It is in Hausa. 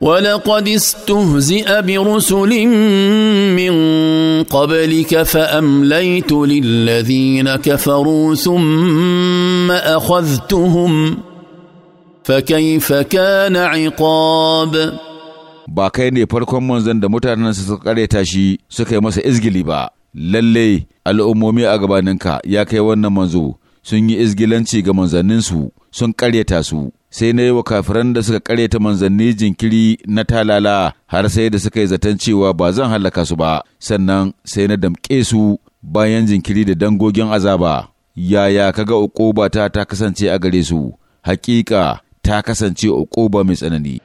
ولقد استهزئ برسل من قبلك فامليت للذين كفروا ثم اخذتهم فكيف كان عقاب ba kai ne farkon manzan da mutanen su suka kareta shi suka yi masa izgili ba lalle al'ummomi a gabaninka ya kai wannan manzo sun yi izgilanci ga manzanninsu sun kareta su sai na yi wa kafiran da suka ta manzanni jinkiri na talala har sai da suka yi zaton cewa ba zan hallaka su ba sannan sai na damƙe su bayan jinkiri da dangogin azaba yaya kaga uƙubata ta kasance a gare su hakika ta kasance uƙuba mai tsanani